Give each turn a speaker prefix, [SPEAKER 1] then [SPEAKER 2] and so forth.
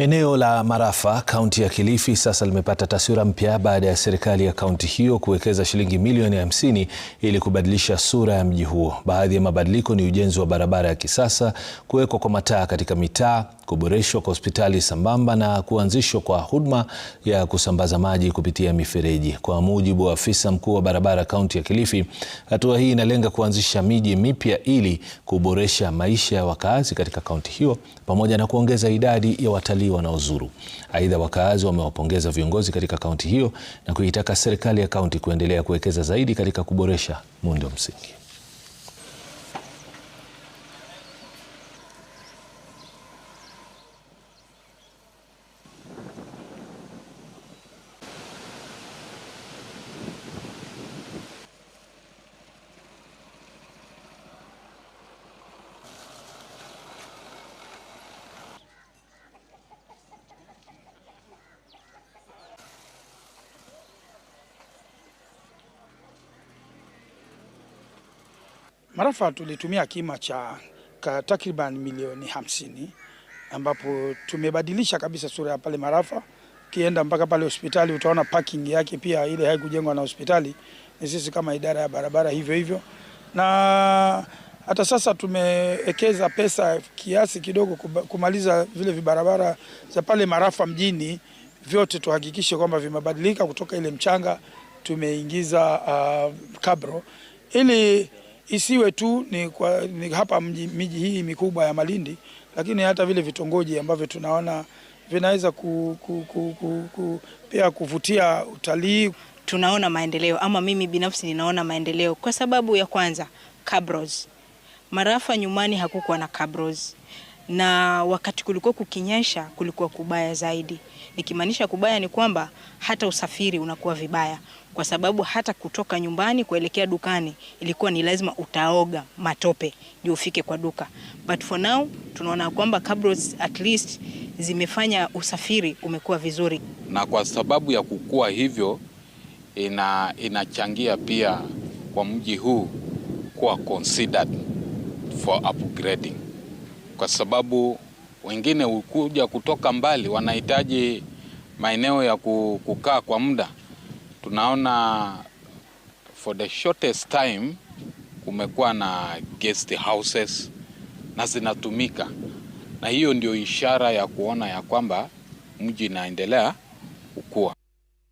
[SPEAKER 1] Eneo la Marafa, kaunti ya Kilifi sasa limepata taswira mpya baada ya serikali ya kaunti hiyo kuwekeza shilingi milioni 50 ili kubadilisha sura ya mji huo. Baadhi ya mabadiliko ni ujenzi wa barabara ya kisasa, kuwekwa kwa mataa katika mitaa, kuboreshwa kwa hospitali sambamba na kuanzishwa kwa huduma ya kusambaza maji kupitia mifereji. Kwa mujibu wa afisa mkuu wa barabara kaunti ya Kilifi, hatua hii inalenga kuanzisha miji mipya ili kuboresha maisha ya wakaazi katika kaunti hiyo pamoja na kuongeza idadi ya watalii wanaozuru. Aidha, wakaazi wamewapongeza viongozi katika kaunti hiyo na kuitaka serikali ya kaunti kuendelea kuwekeza zaidi katika kuboresha muundo msingi.
[SPEAKER 2] Marafa tulitumia kima cha takriban milioni hamsini ambapo tumebadilisha kabisa sura ya pale Marafa. Ukienda mpaka pale hospitali utaona parking yake pia ile haikujengwa na hospitali, ni sisi kama idara ya barabara hivyo hivyo. Na hata sasa tumewekeza pesa kiasi kidogo kumaliza vile vibarabara za pale Marafa mjini vyote, tuhakikishe kwamba vimebadilika kutoka ile mchanga tumeingiza uh, kabro ili isiwe tu ni, kwa, ni hapa mji, miji hii mikubwa ya Malindi, lakini hata vile vitongoji ambavyo tunaona vinaweza ku, ku, ku, ku, ku, pia kuvutia utalii.
[SPEAKER 3] Tunaona maendeleo ama mimi binafsi ninaona maendeleo kwa sababu ya kwanza, cabros. Marafa nyumbani hakukuwa na cabros na wakati kulikuwa kukinyesha kulikuwa kubaya zaidi. Nikimaanisha kubaya ni kwamba hata usafiri unakuwa vibaya, kwa sababu hata kutoka nyumbani kuelekea dukani ilikuwa ni lazima utaoga matope ndio ufike kwa duka. But for now tunaona kwamba cabros at least zimefanya usafiri umekuwa vizuri,
[SPEAKER 4] na kwa sababu ya kukua hivyo ina, inachangia pia kwa mji huu kuwa considered for upgrading kwa sababu wengine hukuja kutoka mbali, wanahitaji maeneo ya kukaa kwa muda. Tunaona for the shortest time kumekuwa na guest houses na zinatumika, na hiyo ndio ishara ya kuona ya kwamba mji inaendelea kukua.